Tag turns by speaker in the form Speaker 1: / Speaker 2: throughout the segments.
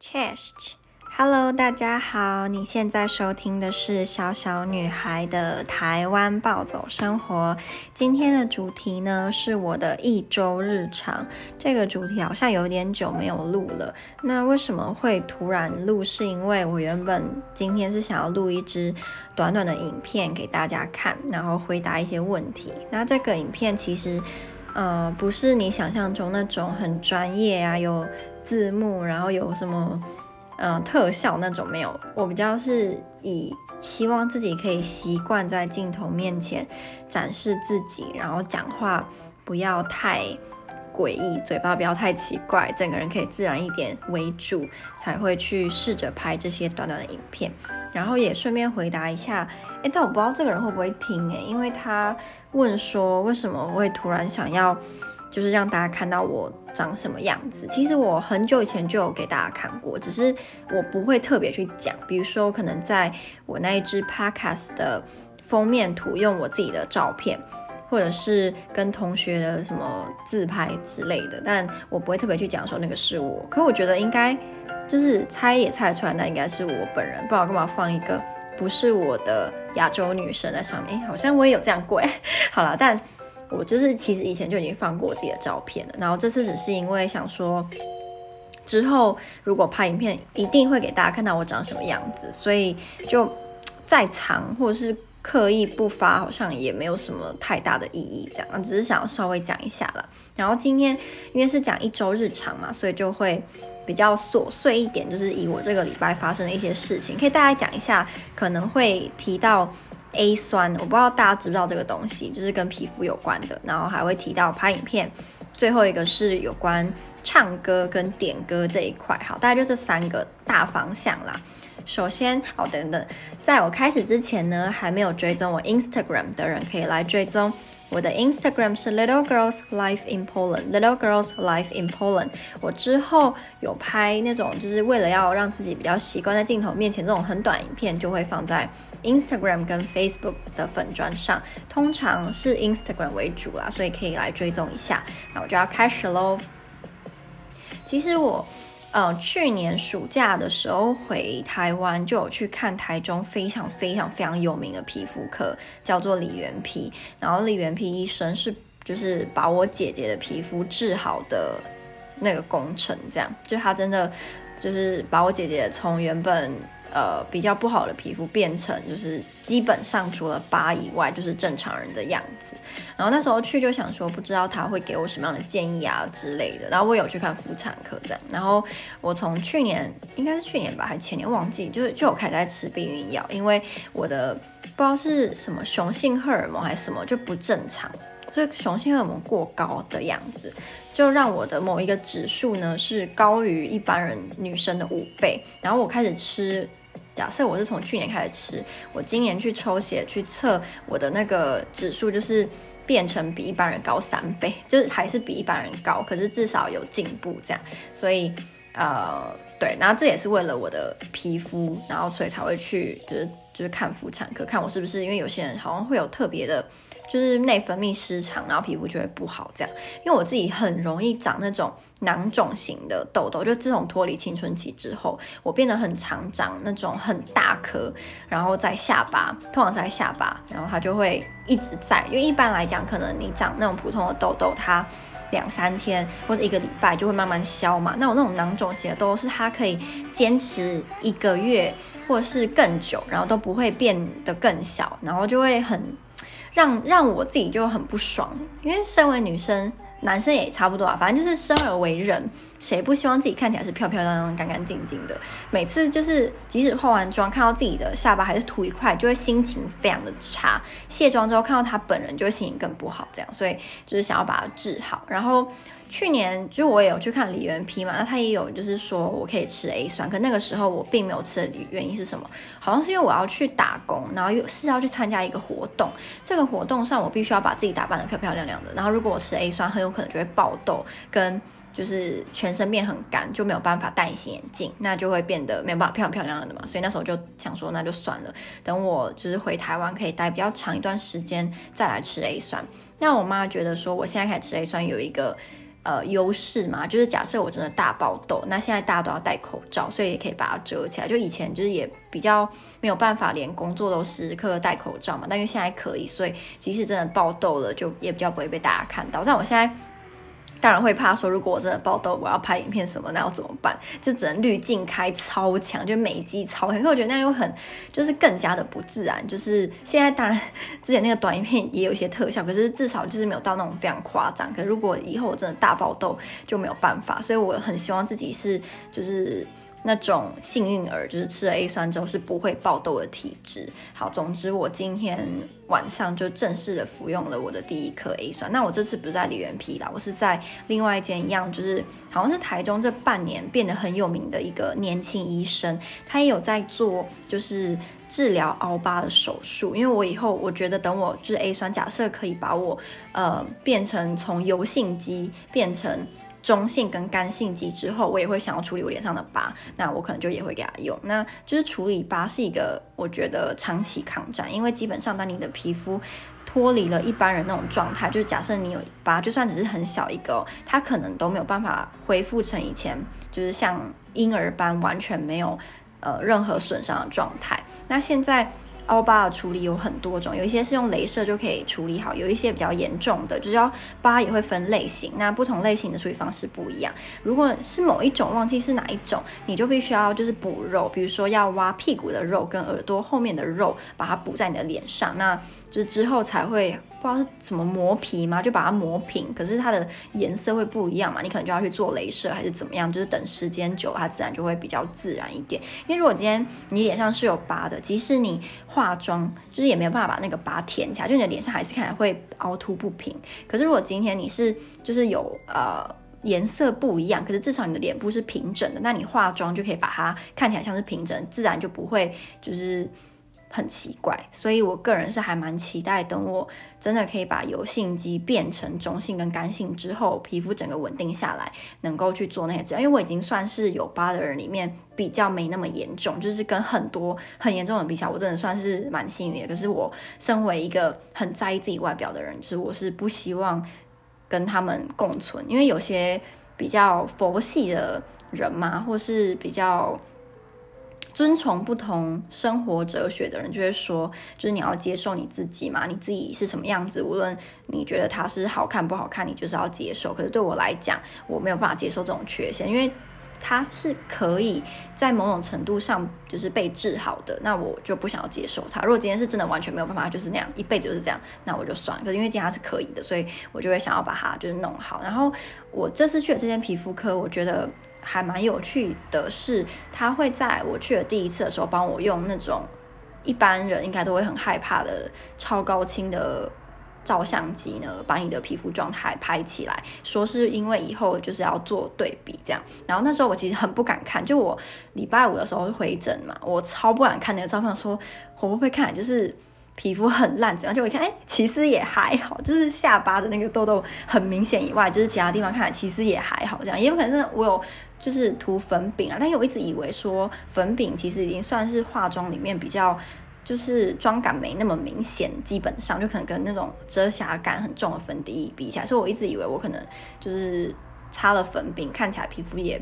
Speaker 1: Chest，hello，大家好，你現在收聽的是小小女孩的台灣暴走生活。今天的主題呢，是我的一週日常。這個主題好像有點久沒有錄了。那為什麼會突然錄？是因為我原本今天是想要錄一支短短的影片給大家看，然後回答一些問題。那這個影片其實，呃，不是你想象中那種很專業啊，有。字幕，然後有什麼，嗯、呃，特效那種沒有。我比較是以希望自己可以習慣在鏡頭面前展示自己，然後講話不要太詭異，嘴巴不要太奇怪，整個人可以自然一點為主，才會去試着拍這些短短的影片。然後也順便回答一下，誒，但我不知道這個人會不會聽，誒，因為他問說為什麼我會突然想要。就是讓大家看到我長什麼樣子。其實我很久以前就有給大家看過，只是我不會特別去講。比如說，我可能在我那一支 podcast 的封面圖用我自己的照片，或者是跟同學的什麼自拍之類的，但我不會特別去講說那個是我。可我覺得應該就是猜也猜得出來，那應該是我本人。不知道幹嘛放一個不是我的亞洲女生在上面、欸？好像我也有這樣過。好了，但。我就是，其實以前就已經放過自己的照片了，然後這次只是因為想說，之後如果拍影片，一定會給大家看到我長什麼樣子，所以就再藏或者是刻意不發，好像也沒有什麼太大的意義，這樣，只是想要稍微講一下了。然後今天因為是講一周日常嘛，所以就會比較瑣碎一點，就是以我這個禮拜發生的一些事情，可以大家講一下，可能會提到 A 酸，我不知道大家知不知道這個東西，就是跟皮膚有關的。然後還會提到拍影片，最後一個是有關唱歌跟點歌這一塊。好，大概就這三個大方向啦。首先，好，等等，在我開始之前呢，還沒有追蹤我 Instagram 的人可以來追蹤。我的 Instagram 是 Little Girls Life in Poland, Little Girls Life in Poland，Little Girls Life in Poland。我之後有拍那種，就是為了要讓自己比較習慣在鏡頭面前，這種很短影片就會放在。Instagram 跟 Facebook 的粉專上，通常是 Instagram 為主啦，所以可以來追蹤一下。那我就要開始嘍。其實我，呃，去年暑假的時候回台灣，就有去看台中非常非常非常有名的皮膚科，叫做李元皮。然後李元皮醫生是就是把我姐姐的皮膚治好的那個功臣，這樣，就他真的就是把我姐姐從原本。呃，比較不好的皮膚變成就是基本上除了疤以外就是正常人的樣子。然後那時候去就想說，不知道他會給我什麼樣的建議啊之類的。然後我有去看婦產科這樣。然後我從去年應該是去年吧，還前年忘記，就是就開始在吃避孕藥，因為我的不知道是什麼雄性荷爾蒙還是什麼就不正常，所以雄性荷爾蒙過高的樣子，就讓我的某一個指數呢是高於一般人女生的五倍。然後我開始吃。假設我是從去年開始吃，我今年去抽血去測我的那個指數，就是變成比一般人高三倍，就是還是比一般人高，可是至少有進步這樣。所以，呃，對，然後這也是為了我的皮膚，然後所以才會去、就是，就是就是看婦產科，看我是不是，因為有些人好像會有特別的。就是內分泌失常，然後皮膚就會不好這樣。因為我自己很容易長那種囊腫型的痘痘，就自從脫離青春期之後，我變得很常長，長那種很大顆，然後在下巴，通常在下巴，然後它就會一直在。因為一般來講，可能你長那種普通的痘痘，它兩三天或者一個禮拜就會慢慢消嘛。那我那種囊腫型的痘痘，是它可以堅持一個月或是更久，然後都不會變得更小，然後就會很。讓讓我自己就很不爽，因為身為女生，男生也差不多啊。反正就是生而為人，誰不希望自己看起來是漂漂亮亮亮、乾乾淨淨的？每次就是即使化完妝，看到自己的下巴還是凸一塊，就會心情非常的差。卸妝之後看到他本人，就會心情更不好。這樣，所以就是想要把它治好，然後。去年就我也有去看李元批嘛，那他也有就是說我可以吃 A 酸，可那個時候我並沒有吃的原因是什麼？好像是因為我要去打工，然後又是要去參加一個活動，這個活動上我必須要把自己打扮得漂漂亮亮的，然後如果我吃 A 酸，很有可能就會爆痘，跟就是全身變很乾，就沒有辦法戴隱形眼鏡，那就會變得沒有辦法漂漂亮亮的嘛，所以那時候就想說那就算了，等我就是回台灣可以待比較長一段時間再來吃 A 酸。那我媽覺得說我現在開始吃 A 酸有一個。呃，優勢嘛，就是假設我真的大爆痘，那現在大家都要戴口罩，所以也可以把它遮起來。就以前就是也比較沒有辦法，連工作都時時刻刻戴口罩嘛。但因為現在可以，所以即使真的爆痘了，就也比較不會被大家看到。但我現在。當然會怕說，如果我真的爆痘，我要拍影片什麼，那要怎麼辦？就只能濾鏡開超強，就美肌超強。可我覺得那樣又很，就是更加的不自然。就是現在當然之前那個短影片也有一些特效，可是至少就是沒有到那種非常誇張。可如果以後我真的大爆痘，就沒有辦法。所以我很希望自己是就是。那種幸運兒，就是吃了 A 酸之後是不會爆痘的體質。好，總之我今天晚上就正式的服用了我的第一顆 A 酸。那我這次不是在李元批啦，我是在另外一間一樣，就是好像是台中這半年變得很有名的一個年輕醫生，他也有在做就是治療凹疤的手術。因為我以後我覺得，等我就是 A 酸假設可以把我，呃，變成從油性肌變成。中性跟乾性肌之後，我也會想要處理我臉上的疤，那我可能就也會給它用。那就是處理疤是一個我覺得長期抗戰，因為基本上當你的皮膚脫離了一般人那種狀態，就是假設你有疤，就算只是很小一個哦，它可能都沒有辦法恢復成以前，就是像嬰兒般完全沒有呃任何損傷的狀態。那現在。凹疤的處理有很多種，有一些是用雷射就可以處理好，有一些比較嚴重的，就是要疤也會分類型，那不同類型的處理方式不一樣。如果是某一種，忘記是哪一種，你就必須要就是補肉，比如說要挖屁股的肉跟耳朵後面的肉，把它補在你的臉上，那就是之後才會。不知道是怎麼磨皮嗎？就把它磨平，可是它的顏色會不一樣嘛？你可能就要去做鐳射還是怎麼樣？就是等時間久了，它自然就會比較自然一點。因為如果今天你臉上是有疤的，即使你化妝，就是也沒有辦法把那個疤填起來，就你的臉上還是看起來會凹凸不平。可是如果今天你是就是有呃顏色不一樣，可是至少你的臉部是平整的，那你化妝就可以把它看起來像是平整，自然就不會就是。很奇怪，所以我個人是還蠻期待，等我真的可以把油性肌變成中性跟乾性之後，皮膚整個穩定下來，能夠去做那些。這樣，因為我已經算是有疤的人裡面比較沒那麼嚴重，就是跟很多很嚴重的人比較，我真的算是蠻幸運的。可是我身為一個很在意自己外表的人，就是我是不希望跟他們共存，因為有些比較佛系的人嘛，或是比較。遵從不同生活哲學的人就會說，就是你要接受你自己嘛，你自己是什麼樣子，無論你覺得它是好看不好看，你就是要接受。可是對我來講，我沒有辦法接受這種缺陷，因為它是可以在某種程度上就是被治好的，那我就不想要接受它。如果今天是真的完全沒有辦法，就是那樣一輩子就是這樣，那我就算了。可是因為今天它是可以的，所以我就會想要把它就是弄好。然後我這次去了這間皮膚科，我覺得。還蠻有趣的是，他會在我去的第一次的時候，幫我用那種一般人應該都會很害怕的超高清的照相機呢，把你的皮膚狀態拍起來，說是因為以後就是要做對比這樣。然後那時候我其實很不敢看，就我禮拜五的時候回診嘛，我超不敢看那個照片，說會不會看，就是。皮膚很爛，這樣，就會看，哎、欸，其實也還好，就是下巴的那個痘痘很明顯以外，就是其他地方看其實也還好，這樣，也有可能是我有就是塗粉餅啊，但是我一直以為說粉餅其實已經算是化妝裡面比較就是妝感沒那麼明顯，基本上就可能跟那種遮瑕感很重的粉底液比起來，所以我一直以為我可能就是擦了粉餅，看起來皮膚也。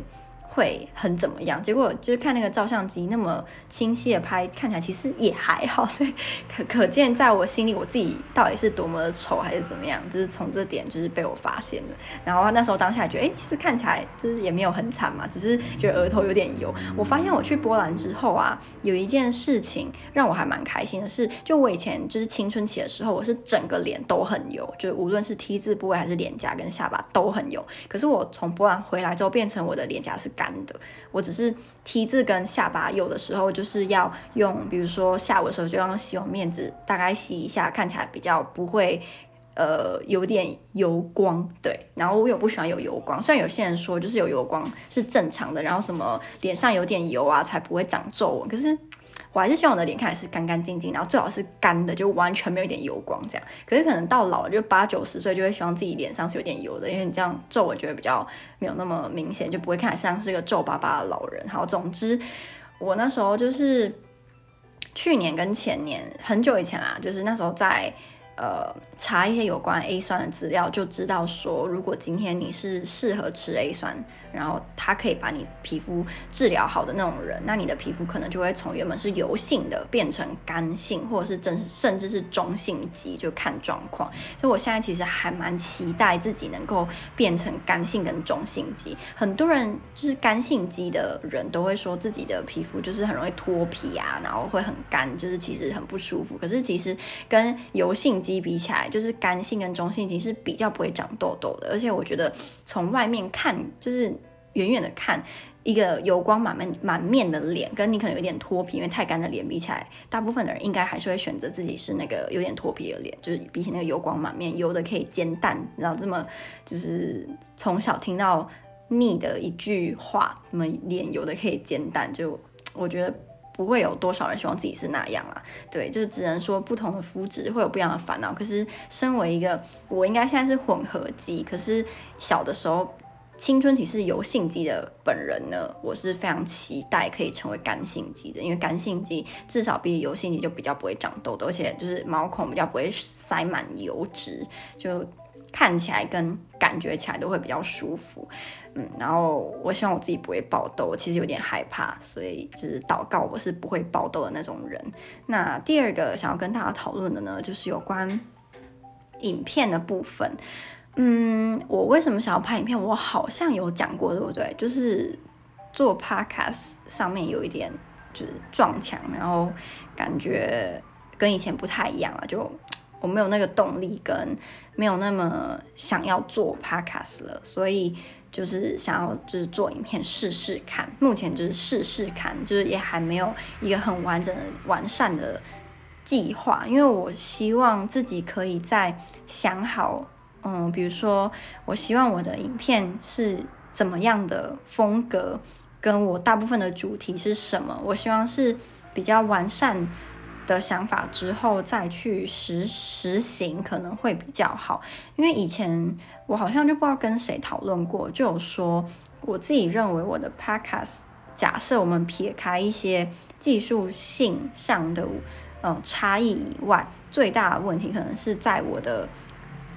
Speaker 1: 會很怎麼樣？結果就是看那個照相機那麼清晰的拍，看起來其實也還好，所以可可見在我心裡我自己到底是多麼的醜還是怎麼樣？就是從這點就是被我發現了。然後那時候當下覺得，哎，其實看起來就是也沒有很慘嘛，只是覺得額頭有點油。我發現我去波蘭之後啊，有一件事情讓我還蠻開心的是，就我以前就是青春期的時候，我是整個臉都很油，就是無論是 T 字部位還是臉頰跟下巴都很油。可是我從波蘭回來之後，變成我的臉頰是。乾的，我只是 T 字跟下巴有的時候就是要用，比如說下午的時候就用洗面奶，大概洗一下，看起來比較不會，呃，有點油光對。然後我也不喜歡有油光，雖然有些人說就是有油光是正常的，然後什麼臉上有點油啊才不會長皺紋，可是。我還是希望我的臉看起來是乾乾淨淨，然後最好是乾的，就完全沒有一點油光這樣。可是可能到老了就8，就八九十歲就會希望自己臉上是有點油的，因為你這樣皺紋就會比較沒有那麼明顯，就不會看起來像是個皺巴巴的老人。好，總之我那時候就是去年跟前年很久以前啦，啊，就是那時候在呃查一些有關 A 酸的資料，就知道說如果今天你是適合吃 A 酸。然後它可以把你皮膚治療好的那種人，那你的皮膚可能就會從原本是油性的變成乾性，或者是真甚至是中性肌，就看狀況。所以我現在其實還蠻期待自己能夠變成乾性跟中性肌。很多人就是乾性肌的人都會說自己的皮膚就是很容易脫皮啊，然後會很乾，就是其實很不舒服。可是其實跟油性肌比起來，就是乾性跟中性肌是比較不會長痘痘的，而且我覺得。從外面看，就是遠遠的看一個油光滿面滿面的臉，跟你可能有點脫皮，因為太乾的臉比起來，大部分的人應該還是會選擇自己是那個有點脫皮的臉，就是比起那個油光滿面，油的可以煎蛋，然後這麼就是從小聽到膩的一句話，那麼臉油的可以煎蛋，就我覺得。不會有多少人希望自己是那樣啊，對，就是只能說不同的膚質會有不一樣的煩惱。可是身為一個我應該現在是混合肌，可是小的時候青春期是油性肌的本人呢，我是非常期待可以成為乾性肌的，因為乾性肌至少比油性肌就比較不會長痘痘，而且就是毛孔比較不會塞滿油脂，就。看起來跟感覺起來都會比較舒服，嗯，然後我希望我自己不會爆痘，我其實有點害怕，所以就是禱告我是不會爆痘的那種人。那第二個想要跟大家討論的呢，就是有關影片的部分。嗯，我為什麼想要拍影片？我好像有講過，對不對？就是做 podcast 上面有一點就是撞牆，然後感覺跟以前不太一樣了，就。我沒有那個動力跟沒有那麼想要做 podcast 了，所以就是想要就是做影片試試看。目前就是試試看，就是也還沒有一個很完整的、完善的計劃。因為我希望自己可以再想好，嗯，比如說，我希望我的影片是怎麼樣的風格，跟我大部分的主題是什麼。我希望是比較完善的想法之後再去實實行可能會比較好，因為以前我好像就不知道跟誰討論過，就有說我自己認為我的 podcast，假設我們撇開一些技術性上的、呃、差異以外，最大的問題可能是在我的。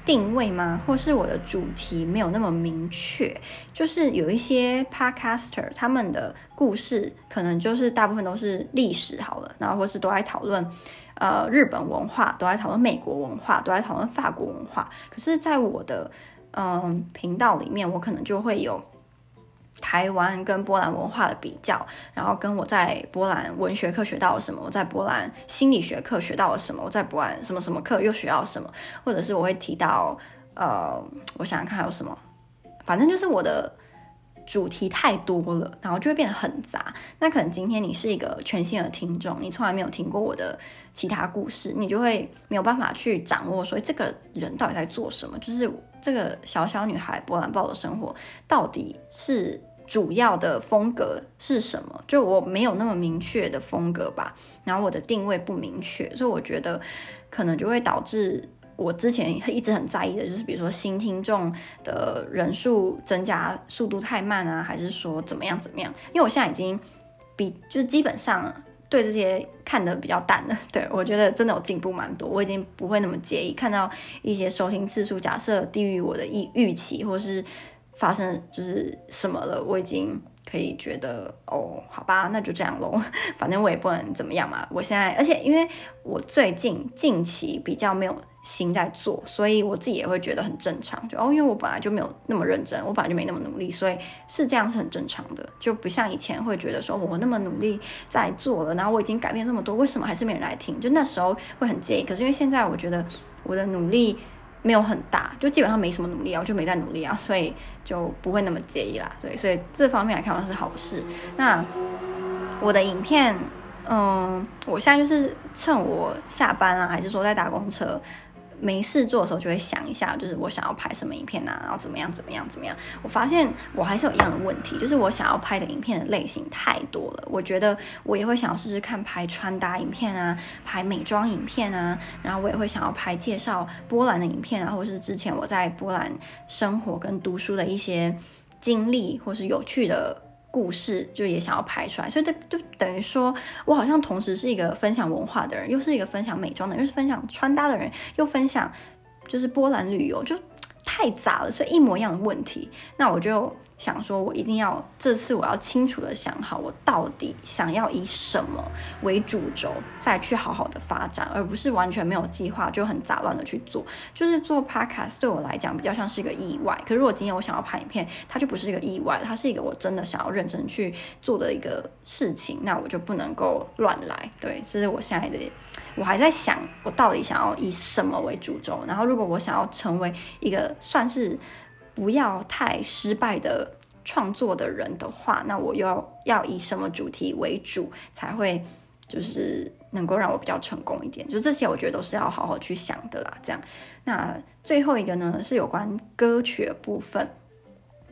Speaker 1: 定位嗎？或是我的主題沒有那麼明確，就是有一些 podcaster 他們的故事可能就是大部分都是歷史好了，然後或是都在討論呃日本文化，都在討論美國文化，都在討論法國文化。可是，在我的嗯、呃、頻道裡面，我可能就會有。台灣跟波蘭文化的比較，然後跟我在波蘭文學課學到了什麼，我在波蘭心理學課學到了什麼，我在波蘭什麼什麼課又學到了什麼，或者是我會提到，呃，我想想看看還有什麼，反正就是我的。主題太多了，然後就會變得很雜。那可能今天你是一個全新的聽眾，你從來沒有聽過我的其他故事，你就會沒有辦法去掌握，所以這個人到底在做什麼？就是這個小小女孩波蘭豹的生活，到底是主要的風格是什麼？就我沒有那麼明確的風格吧，然後我的定位不明確，所以我覺得可能就會導致。我之前一直很在意的就是，比如說新聽眾的人數增加速度太慢啊，還是說怎麼樣怎麼樣？因為我現在已經比就是基本上對這些看得比較淡了。對，我覺得真的有進步蠻多，我已經不會那麼介意看到一些收聽次數假設低於我的預預期，或是發生就是什麼了，我已經可以覺得哦，好吧，那就這樣咯。反正我也不能怎麼樣嘛。我現在而且因為我最近近期比較沒有。心在做，所以我自己也會覺得很正常。就哦，因為我本來就沒有那麼認真，我本來就沒那麼努力，所以是這樣是很正常的。就不像以前會覺得說，我那麼努力在做了，然後我已經改變那麼多，為什麼還是沒人來聽？就那時候會很介意。可是因為現在我覺得我的努力沒有很大，就基本上沒什麼努力啊，我就沒在努力啊，所以就不會那麼介意啦。對，所以這方面來看，好像是好事。那我的影片，嗯，我現在就是趁我下班啊，還是說在打公車。沒事做的時候就會想一下，就是我想要拍什麼影片啊，然後怎麼樣怎麼樣怎麼樣。我發現我還是有一樣的問題，就是我想要拍的影片的類型太多了。我覺得我也會想要試試看拍穿搭影片啊，拍美妝影片啊，然後我也會想要拍介紹波蘭的影片啊，或者是之前我在波蘭生活跟讀書的一些經歷，或是有趣的。故事就也想要拍出來，所以對，就等於說我好像同時是一個分享文化的人，又是一個分享美妝的人，又是分享穿搭的人，又分享就是波蘭旅遊，就太雜了，所以一模一樣的問題，那我就。想說，我一定要這次，我要清楚的想好，我到底想要以什麼為主軸，再去好好的發展，而不是完全沒有計劃就很雜亂的去做。就是做 podcast 對我來講比較像是一個意外，可是如果今天我想要拍影片，它就不是一個意外，它是一個我真的想要認真去做的一個事情，那我就不能夠亂來。對，這是我現在的，我還在想，我到底想要以什麼為主軸，然後如果我想要成為一個算是。不要太失敗的創作的人的話，那我要要以什麼主題為主才會就是能夠讓我比較成功一點？就這些，我覺得都是要好好去想的啦。這樣，那最後一個呢是有關歌曲的部分，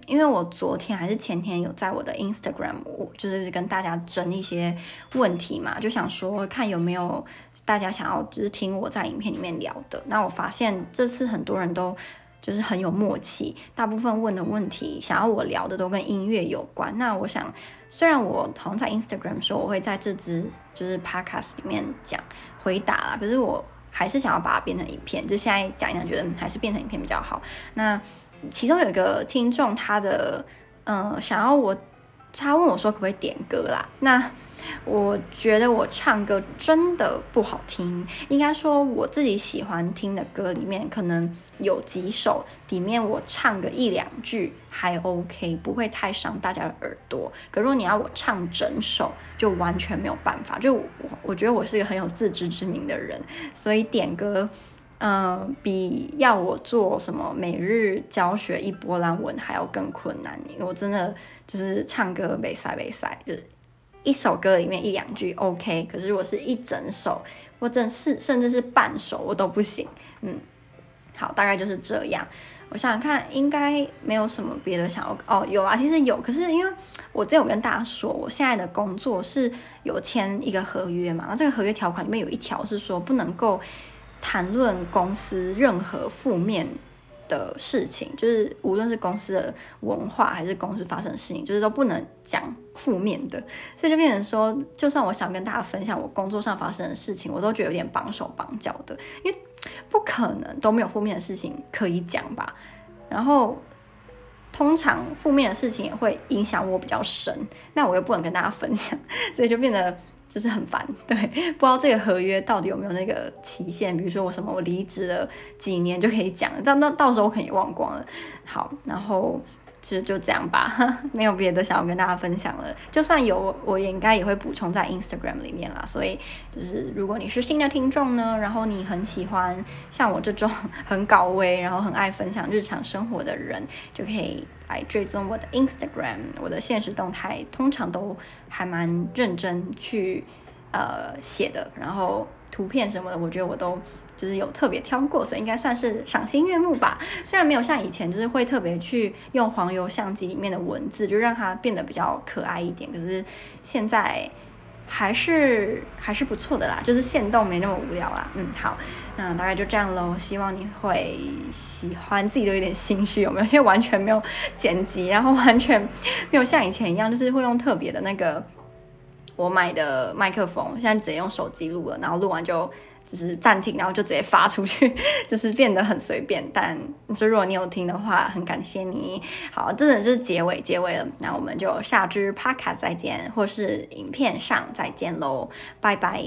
Speaker 1: 因為我昨天還是前天有在我的 Instagram，我就是跟大家徵一些問題嘛，就想說看有沒有大家想要就是聽我在影片裡面聊的。那我發現這次很多人都。就是很有默契，大部分問的問題，想要我聊的都跟音樂有關。那我想，雖然我好像在 Instagram 說我會在這支就是 podcast 裡面講回答啦，可是我還是想要把它變成影片。就現在講一講，覺得，嗯，還是變成影片比較好。那其中有一個聽眾，他的嗯，呃，想要我。他問我說：“可不可以點歌啦？”那我覺得我唱歌真的不好聽，應該說我自己喜歡聽的歌裡面，可能有幾首裡面我唱個一兩句還 OK，不會太傷大家的耳朵。可如果你要我唱整首，就完全沒有辦法。就我我覺得我是一個很有自知之明的人，所以點歌。嗯，比要我做什麼每日教學一波蘭文還要更困難，因為我真的就是唱歌背塞背塞，就是一首歌裡面一兩句 OK，可是如果是一整首，或者是甚至是半首，我都不行。嗯，好，大概就是這樣。我想想看，應該沒有什麼別的想要。哦，有啊，其實有，可是因為我之前有跟大家說，我現在的工作是有簽一個合約嘛，這個合約條款裡面有一條是說不能夠。談論公司任何負面的事情，就是無論是公司的文化還是公司發生的事情，就是都不能講負面的，所以就變成說，就算我想跟大家分享我工作上發生的事情，我都覺得有點綁手綁腳的，因為不可能都沒有負面的事情可以講吧？然後通常負面的事情也會影響我比較深，那我又不能跟大家分享，所以就變得。就是很煩，對，不知道這個合約到底有沒有那個期限。比如說我什麼，我離職了幾年就可以講，但那到時候我肯定忘光了。好，然後。就就這樣吧，沒有別的想要跟大家分享了。就算有，我也應該也會補充在 Instagram 裡面啦。所以，就是如果你是新的聽眾呢，然後你很喜歡像我這種很高危，然後很愛分享日常生活的人，就可以來追蹤我的 Instagram，我的限時動態通常都還蠻認真去呃寫的，然後圖片什麼的，我覺得我都。就是有特別挑過，所以應該算是賞心悅目吧。雖然沒有像以前，就是會特別去用黃油相機裡面的文字，就讓它變得比較可愛一點。可是現在還是還是不錯的啦，就是線動沒那麼無聊啦。嗯，好，那大概就這樣嘍。希望你會喜歡。自己都有一點心虛，有沒有？因為完全沒有剪輯，然後完全沒有像以前一樣，就是會用特別的那個我買的麥克風，現在直接用手機錄了，然後錄完就。就是暫停，然後就直接發出去，就是變得很隨便。但就如果你有聽的話，很感謝你。好，這就是結尾，結尾了。那我們就下支 podcast 再見，或是影片上再見嘍，拜拜。